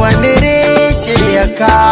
wani reshe ya kawo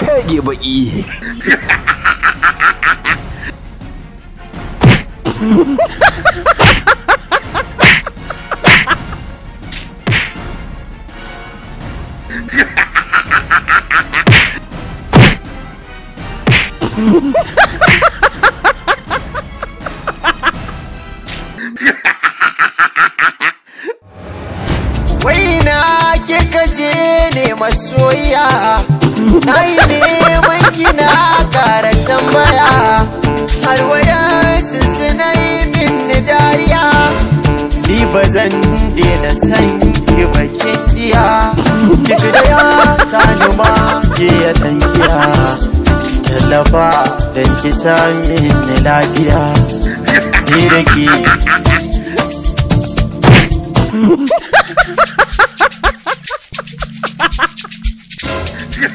hei baki. Ha soyayya na yi neman gina ƙara tambaya har su suna yi min dariya ni ba zan na san ki ba jiya duk da ya sani ma ke ya tankiya tallafa don ki sami ni lafiya ha ha ha! Kin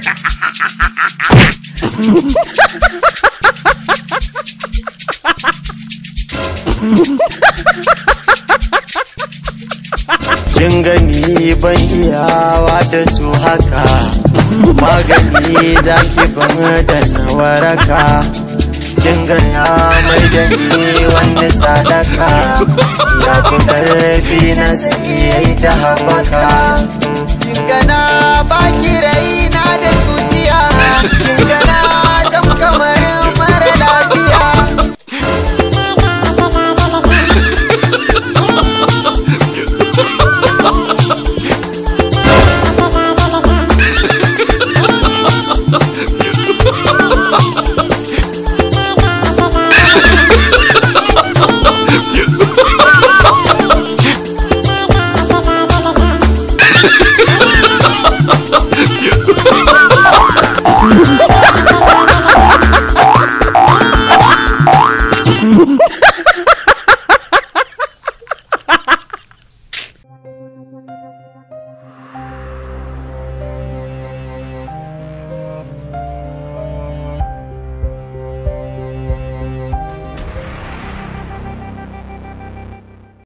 gani ban iyawa da su haka magani zaki ban da na waraka kin gaya mai da wani sadaka ya fi karfi na sai ta haɓaka kin gana ba